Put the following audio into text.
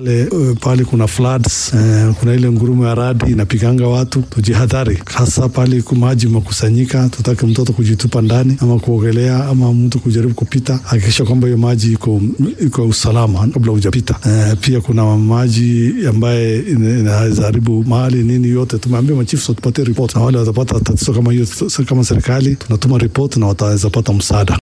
pale, eh, pale kuna floods, eh, kuna ile ngurumo ya radi inapiganga watu. Tujihadhari hasa pale maji makusanyika, tutake mtoto kujitupa ndani ama kuogelea ama mtu kujaribu kupita, hakikisha kwamba hiyo maji iko iko usalama kabla hujapita. Eh, pia kuna maji ambaye inaweza haribu mahali nini yote. Tumeambia machifu so tupatie ripoti, na wale watapata tatizo kama hiyo, kama serikali tunatuma ripoti na wataweza pata msaada.